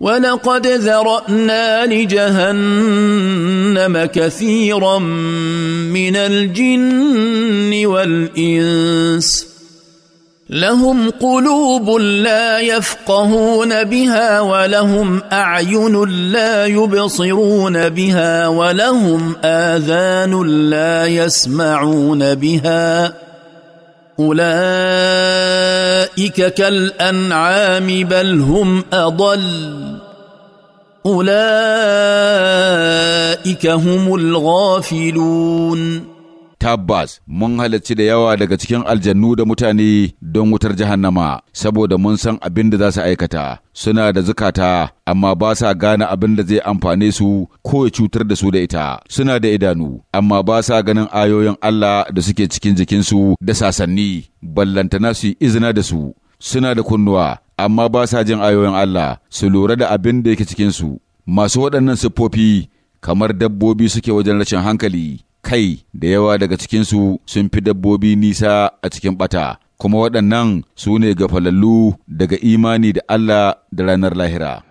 ولقد ذرانا لجهنم كثيرا من الجن والانس لهم قلوب لا يفقهون بها ولهم اعين لا يبصرون بها ولهم اذان لا يسمعون بها اولئك اولئك كالانعام بل هم اضل اولئك هم الغافلون tabbas mun halarci da yawa daga cikin aljannu da mutane don wutar jahannama saboda mun san abin da za su aikata suna da zukata amma ba sa gane abin da zai amfane su ko ya cutar da su da ita suna da idanu amma ba sa ganin ayoyin Allah da suke cikin jikinsu da sasanni ballantana su izina da su suna da kunnuwa amma ba sa jin ayoyin Allah su lura da abin da yake cikinsu masu waɗannan siffofi kamar dabbobi suke wajen rashin hankali kai da yawa daga cikinsu sun fi dabbobi nisa a cikin ɓata, kuma waɗannan su ne gafalallu daga imani da Allah da ranar lahira.